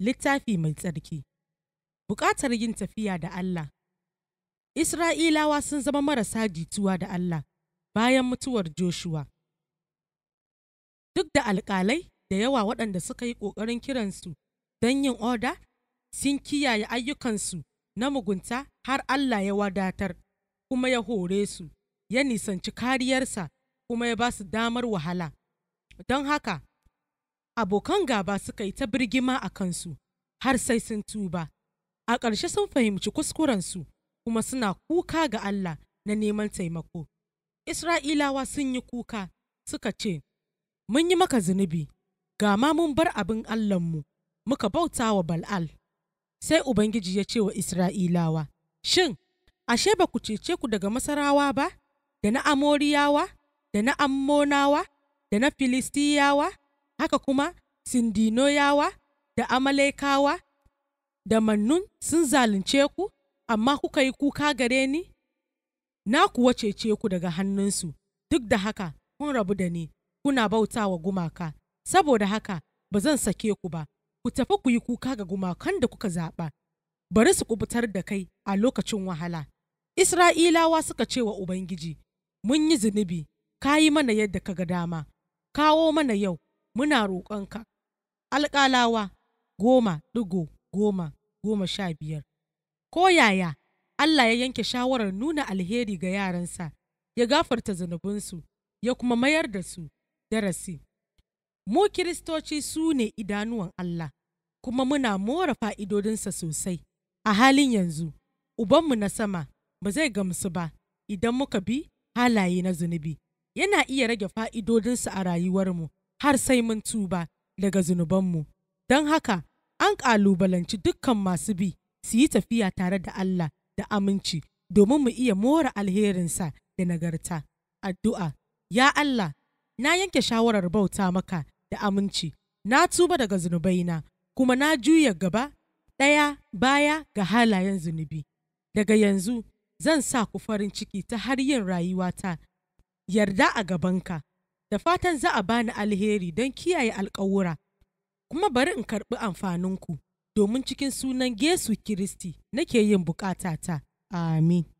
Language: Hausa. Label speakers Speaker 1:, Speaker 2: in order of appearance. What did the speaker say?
Speaker 1: littafi mai tsarki, buƙatar yin tafiya da Allah. Isra'ilawa sun zama marasa jituwa da Allah bayan mutuwar Joshua. Duk da alƙalai da yawa waɗanda suka yi ƙoƙarin kiransu don yin oda, sun kiyaye ayyukansu na mugunta har Allah ya wadatar, kuma ya hore su, ya nisanci kariyarsa, kuma ya ba su damar wahala. Don haka, abokan gaba suka yi ta birgima a kansu har sai sun tuba a ƙarshe sun fahimci kuskurensu kuma suna kuka ga Allah na neman taimako Isra'ilawa sun yi kuka suka ce mun yi maka zunubi ga ma mun bar abin mu, muka bauta wa Bal'al sai Ubangiji ya ce wa Isra'ilawa shin ashe ba ku cece ku daga Masarawa ba da na Amoriyawa da na Ammonawa da na Filistiyawa haka kuma Sindinoyawa da Amalekawa da Mannun sun zalunce ku, amma kuka yi kuka gare ni, na kuwa cece ku daga hannunsu, duk da haka kun rabu da ni, kuna bauta wa gumaka, saboda haka ba zan sake ku ba, ku tafi ku yi kuka ga gumakan da kuka zaɓa, bari su kubutar da kai a lokacin wahala. Isra'ilawa suka ce wa Ubangiji, Mun yi zunubi, ka yi mana yadda ka ga dama, kawo mana yau muna roƙonka alƙalawa goma ɗigo goma goma sha biyar ko yaya Allah ya yanke shawarar nuna alheri ga yaransa ya gafarta zunubinsu ya kuma mayar da su darasi mu kiristoci su ne idanuwan Allah kuma muna mora fa'idodinsa sosai a halin yanzu ubanmu na sama ba zai gamsu ba idan muka bi halaye na zunubi yana iya rage fa'idodinsa a rayuwarmu har sai mun tuba daga zunubanmu. Don haka, an ƙalubalanci dukkan masu bi su yi tafiya tare da Allah da aminci domin mu iya mora alherinsa da nagarta. Addu'a, ya Allah, na yanke shawarar bauta maka da aminci, na tuba daga zunubaina, kuma na juya gaba ɗaya baya ga halayen zunubi. Daga yanzu, zan sa ku farin ciki ta har yin rayuwata, yarda a gabanka, da fatan za a bani alheri don kiyaye alkawura, kuma bari in karɓi amfaninku, domin cikin sunan Yesu Kiristi nake yin bukatata. Amin.